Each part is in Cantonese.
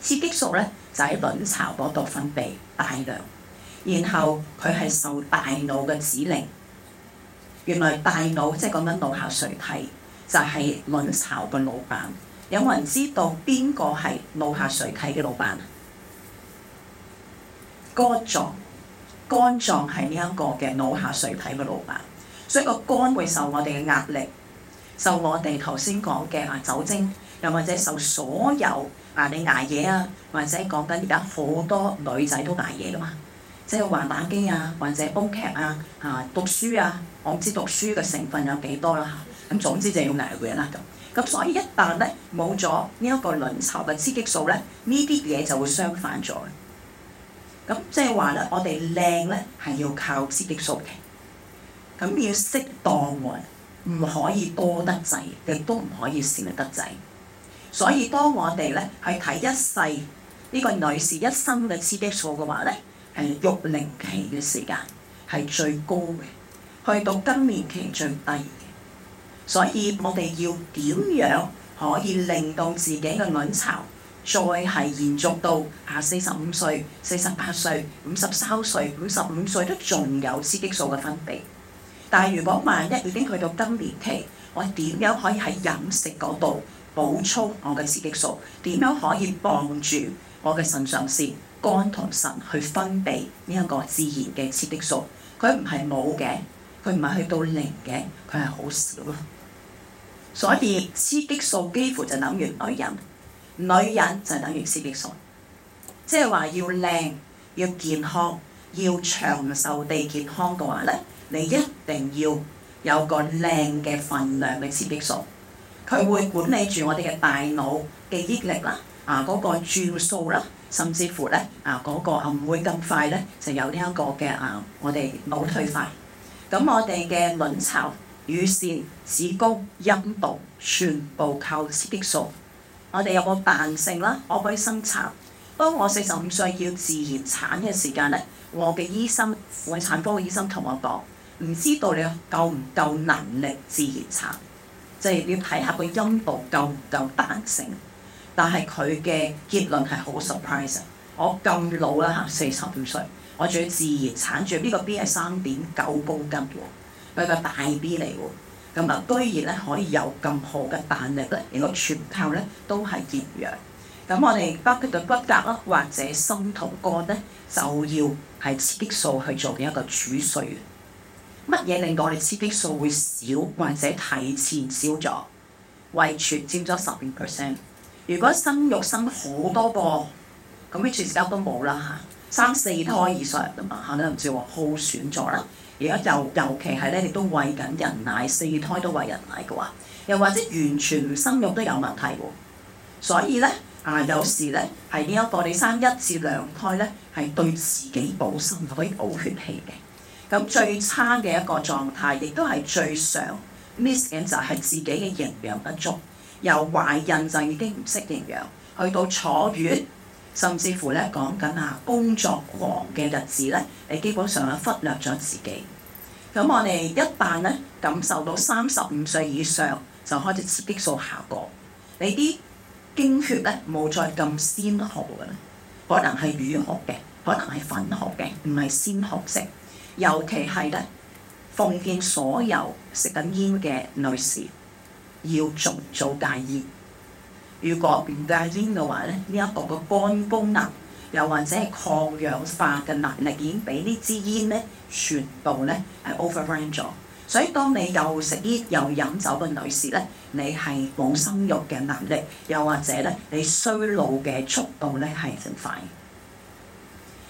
雌激素咧就喺、是、卵巢嗰度分泌大量，然後佢係受大腦嘅指令。原來大腦即係講緊腦下垂體就係、是、卵巢嘅老闆，有冇人知道邊個係腦下垂體嘅老闆？肝臟，肝臟係呢一個嘅腦下垂體嘅老闆，所以個肝會受我哋嘅壓力。受我哋頭先講嘅啊酒精，又或者受所有啊你捱夜啊，或者講緊而家好多女仔都捱夜噶嘛，即係話打機啊，或者煲劇啊，啊讀書啊，我唔知讀書嘅成分有幾多啦嚇，咁、啊、總之就要捱夜啦就，咁所以一旦咧冇咗呢一個卵巢嘅雌激素咧，呢啲嘢就會相反咗。咁即係話咧，我哋靚咧係要靠雌激素嘅，咁要適當喎、啊。唔可以多得滯，亦都唔可以少得滯。所以當我哋咧去睇一世呢個女士一生嘅雌激素嘅話咧，誒育齡期嘅時間係最高嘅，去到更年期最低嘅。所以我哋要點樣可以令到自己嘅卵巢再係延續到啊四十五歲、四十八歲、五十三歲、五十五歲都仲有雌激素嘅分泌？但係，如果萬一已經去到更年期，我點樣可以喺飲食嗰度補充我嘅雌激素？點樣可以幫住我嘅腎上腺、肝同腎去分泌呢一個自然嘅雌激素？佢唔係冇嘅，佢唔係去到零嘅，佢係好少咯。所以雌激素幾乎就等於女人，女人就等於雌激素。即係話要靚、要健康、要長壽地健康嘅話咧。你一定要有個靚嘅份量嘅雌激素，佢會管理住我哋嘅大腦記憶力啦，啊嗰、那個轉數啦，甚至乎咧啊嗰、那個啊唔會咁快咧就有呢一個嘅啊我哋腦退化。咁、啊、我哋嘅卵巢、乳腺、子宮、陰道全部靠雌激素。我哋有個彈性啦，我可以生產。當我四十五歲要自然產嘅時間咧，我嘅醫生、婦產科嘅醫生同我講。唔知道你夠唔夠能力自然產，即係你要睇下個陰道夠唔夠彈性。但係佢嘅結論係好 surprise 我咁老啦嚇，四十五歲，我仲要自然產住呢個 B 係三點九公斤喎，唔係個大 B 嚟喎。咁啊，居然咧可以有咁好嘅彈力咧，而個全靠咧都係結楊。咁我哋北骨骨骼啊，或者心同肝咧，就要係激素去做嘅一個儲蓄。乜嘢令到我哋雌激素會少或者提前少咗？遺傳佔咗十二%。percent。如果生育生好多個，咁維血都冇啦嚇。生四胎以上啊嘛，可能就耗損咗。而家就尤其係咧，亦都餵緊人奶，四胎都餵人奶嘅話，又或者完全唔生育都有問題喎。所以咧，啊有時咧係呢一個，你生一至兩胎咧，係對自己保身可以保血氣嘅。咁最差嘅一個狀態，亦都係最常 miss 嘅就係自己嘅營養不足。由懷孕就已經唔識營養，去到坐月，甚至乎咧講緊啊工作狂嘅日子咧，你基本上啊忽略咗自己。咁我哋一旦咧感受到三十五歲以上就開始雌激素下降，你啲經血咧冇再咁鮮血嘅，可能係乳血嘅，可能係粉血嘅，唔係鮮血性。尤其係咧，奉勸所有食緊煙嘅女士，要儘早戒煙。如果唔戒煙嘅話咧，呢一個嘅肝功能，又或者係抗氧化嘅能力，已經俾呢支煙咧全部咧係 overrun 咗。所以當你又食煙又飲酒嘅女士咧，你係冇生育嘅能力，又或者咧你衰老嘅速度咧係勁快。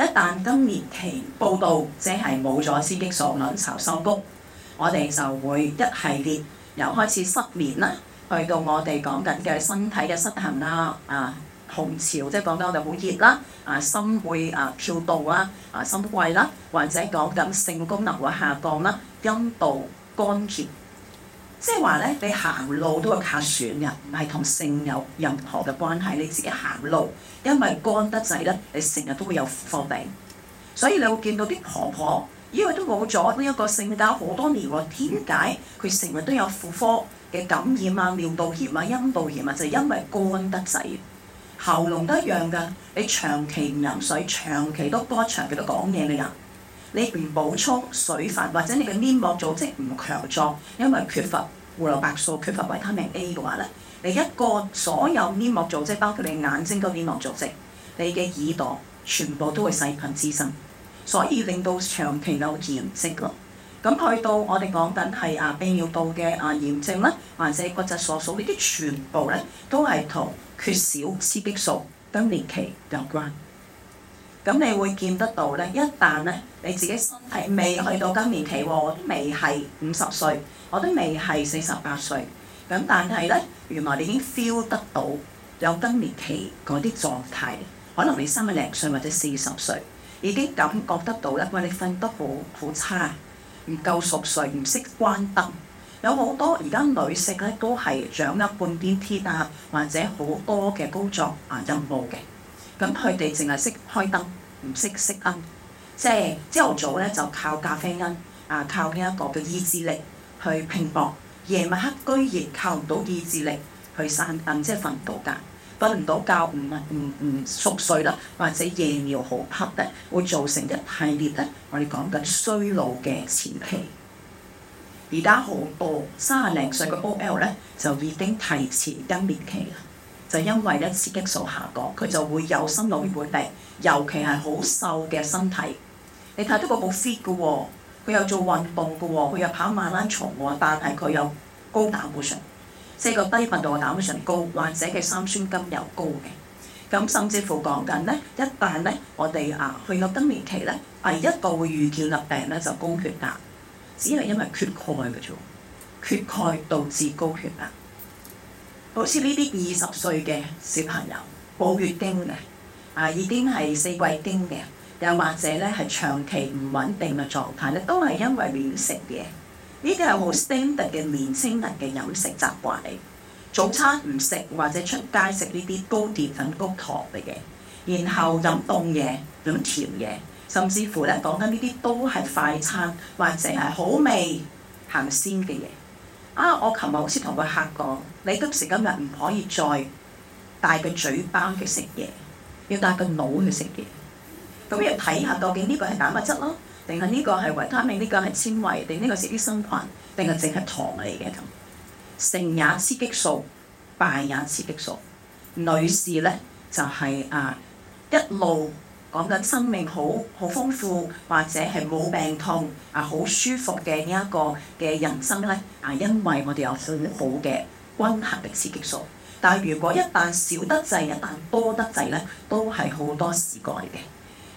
一旦更年期報到，即係冇咗雌激素卵巢收谷，我哋就會一系列由開始失眠啦，去到我哋講緊嘅身體嘅失衡啦，啊，紅潮即係講緊我哋好熱啦，啊，心會啊跳動啦，啊，心悸啦，或者講緊性功能會下降啦，陰道乾澀。即係話咧，你行路都係靠損嘅，唔係同性有任何嘅關係。你自己行路，因為乾得滯咧，你成日都會有婦科病。所以你會見到啲婆婆，以為都冇咗呢一個性交好多年喎，點解佢成日都有婦科嘅感染、尿道炎或者陰道炎啊？就係因為乾得滯，喉嚨都一樣㗎。你長期唔飲水，長期都多長期都講嘢嘅人，你唔補充水分或者你嘅黏膜組織唔強壯，因為缺乏胡蘿蔔素、缺乏維他命 A 嘅話咧，你一個所有黏膜組織，包括你眼睛嘅黏膜組織，你嘅耳朵全部都會細菌滋生，所以令到長期有炎症咯。咁去到我哋講緊係啊泌尿道嘅啊炎症啦，或者骨質疏鬆呢啲全部咧都係同缺少雌激素更年期有關。咁你會見得到咧？一旦咧你自己身體未去到更年期喎，我都未係五十歲，我都未係四十八歲。咁但係咧，原來你已經 feel 得到有更年期嗰啲狀態。可能你三廿零歲或者四十歲，已經感覺到呢得到咧，喂，你瞓得好好差，唔夠熟睡，唔識關燈。有好多而家女性咧，都係掌握半邊天啊，或者好多嘅工作啊任務嘅。咁佢哋淨係識開燈，唔識熄燈，即係朝頭早咧就靠咖啡因，啊靠呢一個叫意志力去拼搏，夜晚黑居然靠唔到意志力去散、嗯，即係瞓唔到覺，瞓唔到覺唔唔唔熟睡啦，或者夜尿好黑咧，會造成一系列咧，我哋講緊衰老嘅前期。而家好多三廿零歲嘅 OL 咧，就已經提前更年期啦。就因為咧，雌激素下降，佢就會有心腦血管病，尤其係好瘦嘅身體。你睇到嗰部 fit 嘅喎，佢有做運動嘅喎，佢又跑馬拉松喎，但係佢有高膽固醇，即係個低密度膽固醇高患者嘅三酸甘油高嘅。咁甚至乎講緊咧，一旦咧我哋啊去到更年期咧，第、啊、一個會遇見立病咧就高血壓，只係因為缺鈣嘅啫，缺鈣導致高血壓。好似呢啲二十歲嘅小朋友，補月經嘅，啊已經係四季經嘅，又或者咧係長期唔穩定嘅狀態咧，都係因為亂食嘢。呢啲係好 standard 嘅年輕人嘅飲食習慣嚟，早餐唔食或者出街食呢啲高澱粉高糖嘅嘢，然後飲凍嘢飲甜嘢，甚至乎咧講緊呢啲都係快餐，或者係好味鹹鮮、行先嘅嘢。啊！我琴日好似同個客講，你今時今日唔可以再帶個嘴巴去食嘢，要帶個腦去食嘢。咁要睇下究竟呢個係蛋白質咯，定係呢個係維他命，呢個係纖維，定呢個是益生菌，定係淨係糖嚟嘅咁。成也雌激素，敗也雌激素。女士咧就係、是、啊一路。講緊生命好好豐富，或者係冇病痛啊，好舒服嘅呢一個嘅人生咧，啊，因為我哋有好好嘅均衡嘅雌激素。但係如果一旦少得滯，一旦多得滯咧，都係好多事幹嘅。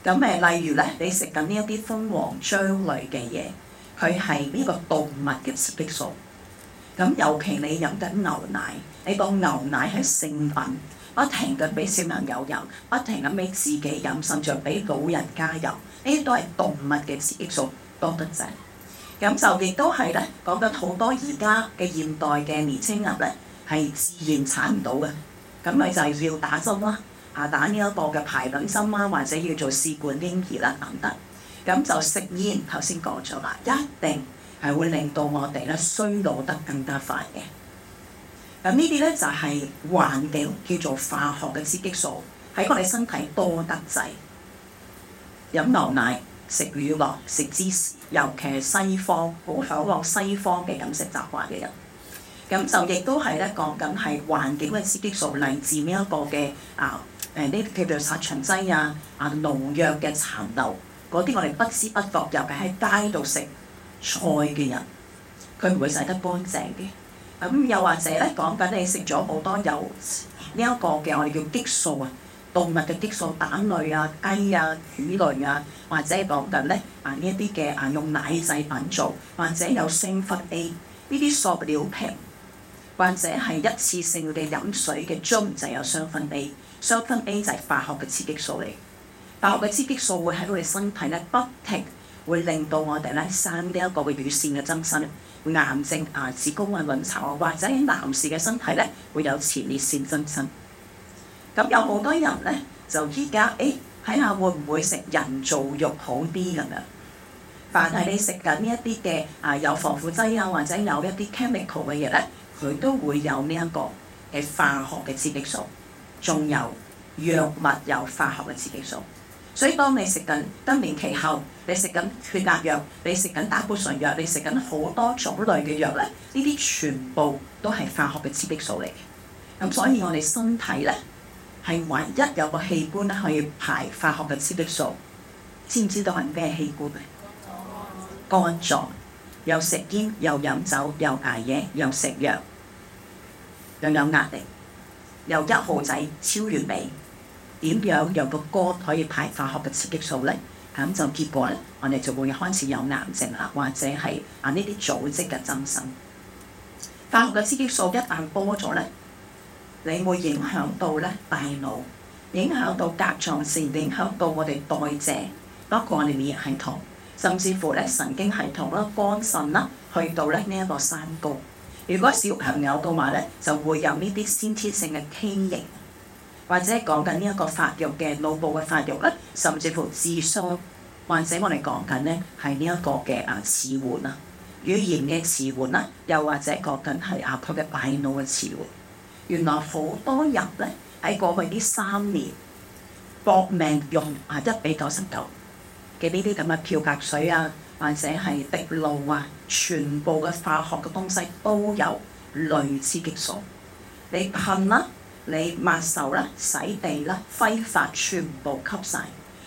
咁誒、呃，例如咧，你食緊呢一啲蜂皇漿類嘅嘢，佢係呢個動物嘅雌激素。咁尤其你飲緊牛奶，你當牛奶係聖品。不停嘅俾小朋友飲，不停咁俾自己飲，甚至俾老人家飲，呢啲都係動物嘅刺激素多得滯。咁就亦都係咧，講到好多而家嘅現代嘅年青人咧，係自然產唔到嘅，咁咪就係要打針啦，啊打呢一個嘅排卵針啦，或者要做試管嬰兒啦等等。咁就食煙，頭先講咗啦，一定係會令到我哋咧衰老得更加快嘅。咁、嗯、呢啲咧就係、是、環境叫做化學嘅雌激素，喺我哋身體多得滯。飲牛奶、食乳酪、食芝士，尤其係西方好嗰個西方嘅飲食習慣嘅人，咁、嗯嗯、就亦都係咧講緊係環境嗰啲雌激素嚟自呢一個嘅啊誒啲叫做殺蟲劑啊啊農藥嘅殘留嗰啲，我哋不知不覺尤其喺街度食菜嘅人，佢唔會洗得乾淨嘅。咁、嗯、又或者咧，講緊你食咗好多有呢一個嘅我哋叫激素啊，動物嘅激素，蛋類啊、雞啊、魚類啊，或者講緊咧啊呢一啲嘅啊用奶製品做，或者有雙酚 A 呢啲塑料瓶，或者係一次性嘅飲水嘅樽就有雙酚 A，雙酚 A 就係化學嘅雌激素嚟，化學嘅雌，雌激素會喺我哋身體咧不停。會令到我哋咧生呢一個嘅乳腺嘅增生、癌症、呃、子宮、卵巢，或者男士嘅身體咧會有前列腺增生。咁有好多人咧就而家誒睇下會唔會食人造肉好啲咁樣？凡係你食緊一啲嘅啊有防腐劑啊或者有一啲 chemical 嘅嘢咧，佢都會有呢一個嘅化學嘅刺激素，仲有藥物有化學嘅刺激素。所以當你食緊更年期後，你食緊血壓藥，你食緊膽固醇藥，你食緊好多種類嘅藥咧，呢啲全部都係化學嘅雌激素嚟嘅。咁所以我哋身體咧係唯一有個器官咧可以排化學嘅雌激素，知唔知道係咩器官？肝臟。又食煙，又飲酒，又捱夜，又食藥，又有壓力，又一毫仔超完美。點樣由個肝可以排化學嘅雌激素咧？咁就結果咧，我哋就會開始有癌症啦，或者係啊呢啲組織嘅增生。化學嘅雌激素一旦多咗咧，你會影響到咧大腦，影響到甲狀腺，影響到我哋代謝，包括我哋免疫系統，甚至乎咧神經系統啦、肝腎啦，去到咧呢一個三高。如果小朋友嘅話咧，就會有呢啲先天性嘅畸形。或者講緊呢一個發育嘅腦部嘅發育啦，甚至乎智商，或者我哋講緊呢係呢一個嘅啊遲緩啦，語言嘅遲緩啦，又或者講緊係阿婆嘅大腦嘅遲緩。原來好多人咧喺過去呢三年，搏命用啊一比九十九嘅呢啲咁嘅漂白水啊，或者係滴露啊，全部嘅化學嘅東西都有類似激素，你噴啦！你抹手啦、洗地啦、揮發全部吸晒。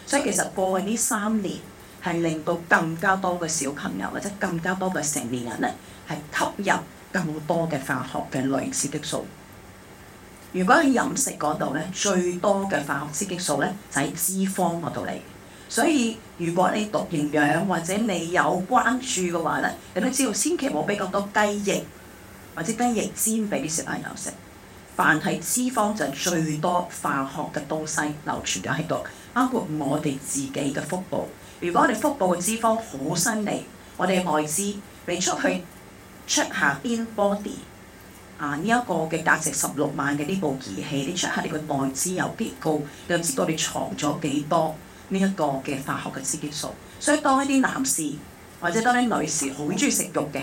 所以，所以其實過去呢三年係令到更加多嘅小朋友或者更加多嘅成年人咧係吸入咁多嘅化學嘅類型雌激素。如果喺飲食嗰度咧，最多嘅化學雌激素咧就喺、是、脂肪嗰度嚟。所以如果你讀營養或者你有關注嘅話咧，你都知道千祈唔好畀咁多雞翼或者雞翼煎畀啲食，我有食。凡係脂肪就係、是、最多化學嘅東西流傳咗喺度，包括我哋自己嘅腹部。如果我哋腹部嘅脂肪好新嚟，我哋外脂你出去 check 下邊 body 啊，呢、這、一個嘅價值十六萬嘅呢部儀器，你 check 下你個內脂有幾高，你有知多你藏咗幾多呢一個嘅化學嘅雌激素。所以當一啲男士或者當啲女士好中意食肉嘅。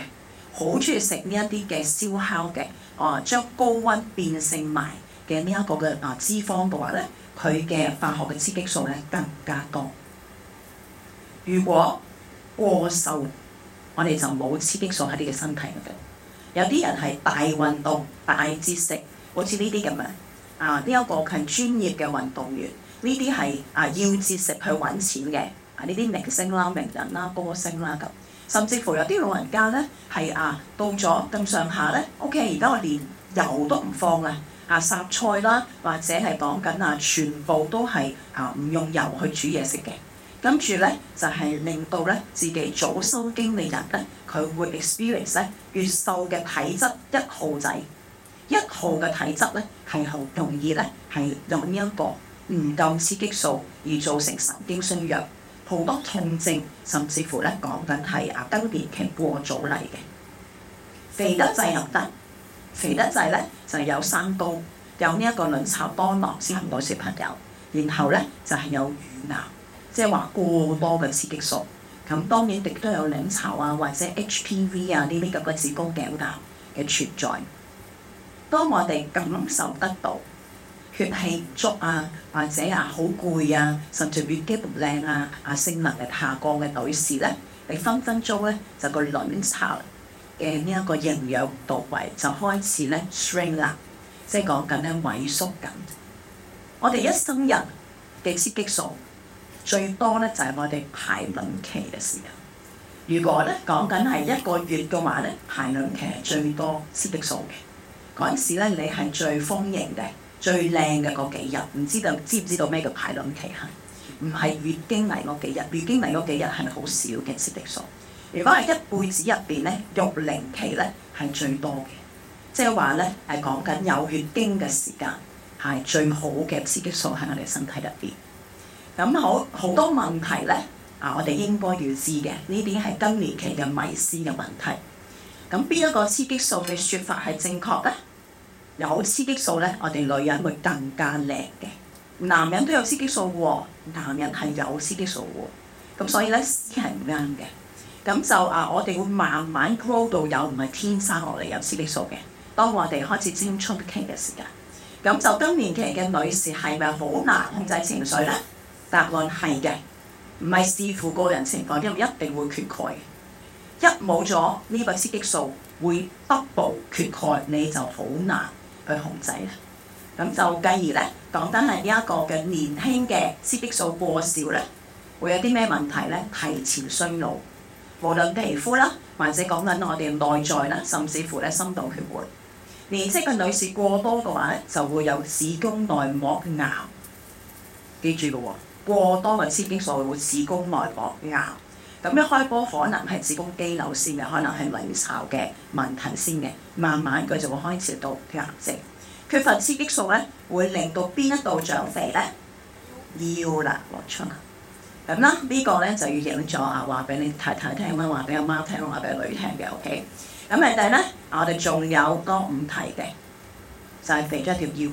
好中意食呢一啲嘅燒烤嘅，哦、啊，將高溫變性埋嘅呢一個嘅啊脂肪嘅話咧，佢嘅化學嘅雌激素咧更加多。如果過瘦，我哋就冇雌激素喺啲嘅身體嗰度。有啲人係大運動、大節食，好似呢啲咁樣啊，啊呢一個係專業嘅運動員，呢啲係啊要節食去揾錢嘅啊，呢啲明星啦、名人啦、啊、歌星啦咁。啊甚至乎有啲老人家咧係啊到咗咁上下咧，OK 而家我連油都唔放喇啊，烚菜啦，或者係講緊啊全部都係啊唔用油去煮嘢食嘅。跟住咧就係、是、令到咧自己早收經嘅人咧，佢會 experience 咧越瘦嘅體質一號仔，一號嘅體質咧係好容易咧係有呢一、這個唔夠雌激素而造成神經衰弱。好多痛症，甚至乎咧講緊係更年期過早嚟嘅，肥得滯又得，肥得滯咧就係有三高，有呢一個卵巢多囊生唔到小朋友，嗯、然後咧就係、是、有乳癌，即係話過多嘅雌激素，咁當然亦都有卵巢啊或者 HPV 啊呢啲咁嘅子宮頸癌嘅存在。當我哋感受得到。血氣足啊，或者啊好攰啊，甚至係越基越靚啊，啊性能力下降嘅女士咧，你分分鐘咧就個卵巢嘅呢一個營養到位，就開始咧 shrink 啦，即係講緊咧萎縮緊。我哋一生人嘅雌激素最多咧就係我哋排卵期嘅時候。如果咧講緊係一個月嘅話咧，排卵期係最多雌激素嘅，嗰陣時咧你係最豐盈嘅。最靚嘅嗰幾日，唔知道知唔知道咩叫排卵期啊？唔係月經嚟嗰幾日，月經嚟嗰幾日係咪好少嘅雌激素？如果係一輩子入邊咧，育齡期咧係最多嘅，即係話咧係講緊有血經嘅時間係最好嘅雌激素喺我哋身體入邊。咁好好多問題咧，啊我哋應該要知嘅呢啲係更年期嘅迷思嘅問題。咁邊一個雌激素嘅説法係正確咧？有雌激素咧，我哋女人會更加靚嘅。男人都有雌激素喎、哦，男人係有雌激素喎。咁所以咧，係唔啱嘅。咁就啊，我哋會慢慢 grow 到有，唔係天生落嚟有雌激素嘅。當我哋開始青春期嘅時間，咁就更年期嘅女士係咪好難控制情緒咧？答案係嘅，唔係視乎個人情況，因為一定會缺鈣。一冇咗呢個雌激素，會 double 缺鈣，你就好難。去控制啦，咁就繼而咧講緊係呢一個嘅年輕嘅雌激素過少咧，會有啲咩問題咧？提前衰老，無論皮膚啦，或者講緊我哋內在啦，甚至乎咧心腦血管。年紀嘅女士過多嘅話咧，就會有子宮內膜癌，記住嘅喎、哦，過多嘅雌激素會有子宮內膜癌。咁一開波可能係子宮肌瘤先嘅，可能係卵巢嘅問題先嘅，慢慢佢就會開始到缺症，缺乏雌激素咧，會令到邊一度長肥咧？腰啦，落出，咁啦，這個、呢個咧就要影咗啊，話俾你太太聽，啦，話俾阿媽聽，我話俾女聽嘅，OK。咁誒第咧，我哋仲有個唔提嘅，就係、是、肥咗條腰。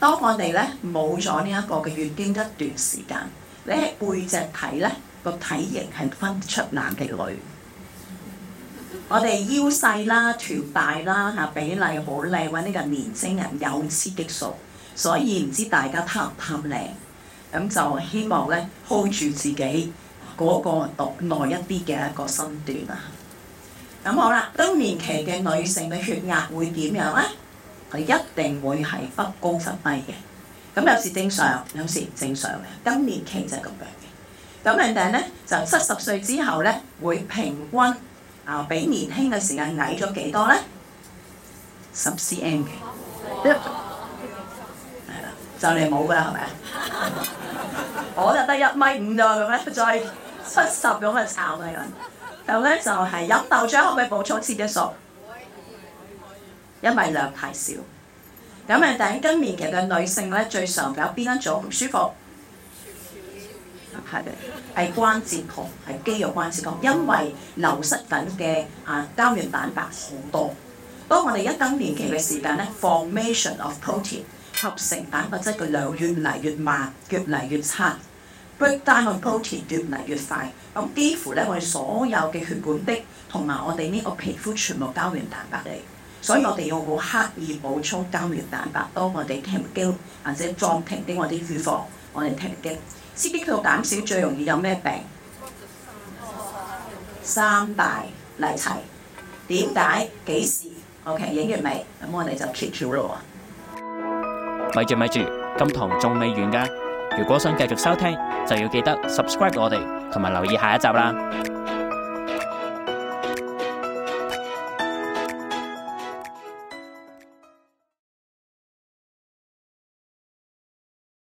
當我哋咧冇咗呢一個嘅月經一段時間，你背脊睇咧。個體型係分出男定女，我哋腰細啦、臀大啦嚇，比例好靚喎。呢個年青人有雌激素，所以唔知大家貪唔貪靚？咁就希望咧 hold 住自己嗰個耐一啲嘅一個身段啊！咁好啦，更年期嘅女性嘅血壓會點樣咧？佢一定會係忽高忽低嘅，咁有時正常，有時唔正常嘅。更年期就係咁樣。咁問題咧就七十歲之後咧會平均啊比年輕嘅時間矮咗幾多咧？十四 cm，係啦，就你冇㗎係咪啊？我就得一米五咋咁樣，再七十咁嘅醜女人。然後咧就係飲豆漿可唔可以補充雌激素？因為量太少。咁啊但係更年期嘅女性咧最常有邊一種唔舒服？係嘅，係關節痛，係肌肉關節痛，因為流失緊嘅啊膠原蛋白好多。當我哋一更年期嘅時間咧，formation of protein 合成蛋白質嘅量越嚟越慢，越嚟越差，break down of protein 越嚟越快。咁幾乎咧，我哋所有嘅血管壁同埋我哋呢個皮膚全部膠原蛋白嚟，所以我哋要好刻意補充膠原蛋白，當我哋停經或者撞停啲我哋預防，我哋停經雌激素減少最容易有咩病？三大例題，點解？幾時？OK，影完未？咁我哋就 keep 住咯。咪住咪住，今堂仲未完㗎。如果想繼續收聽，就要記得 subscribe 我哋，同埋留意下一集啦。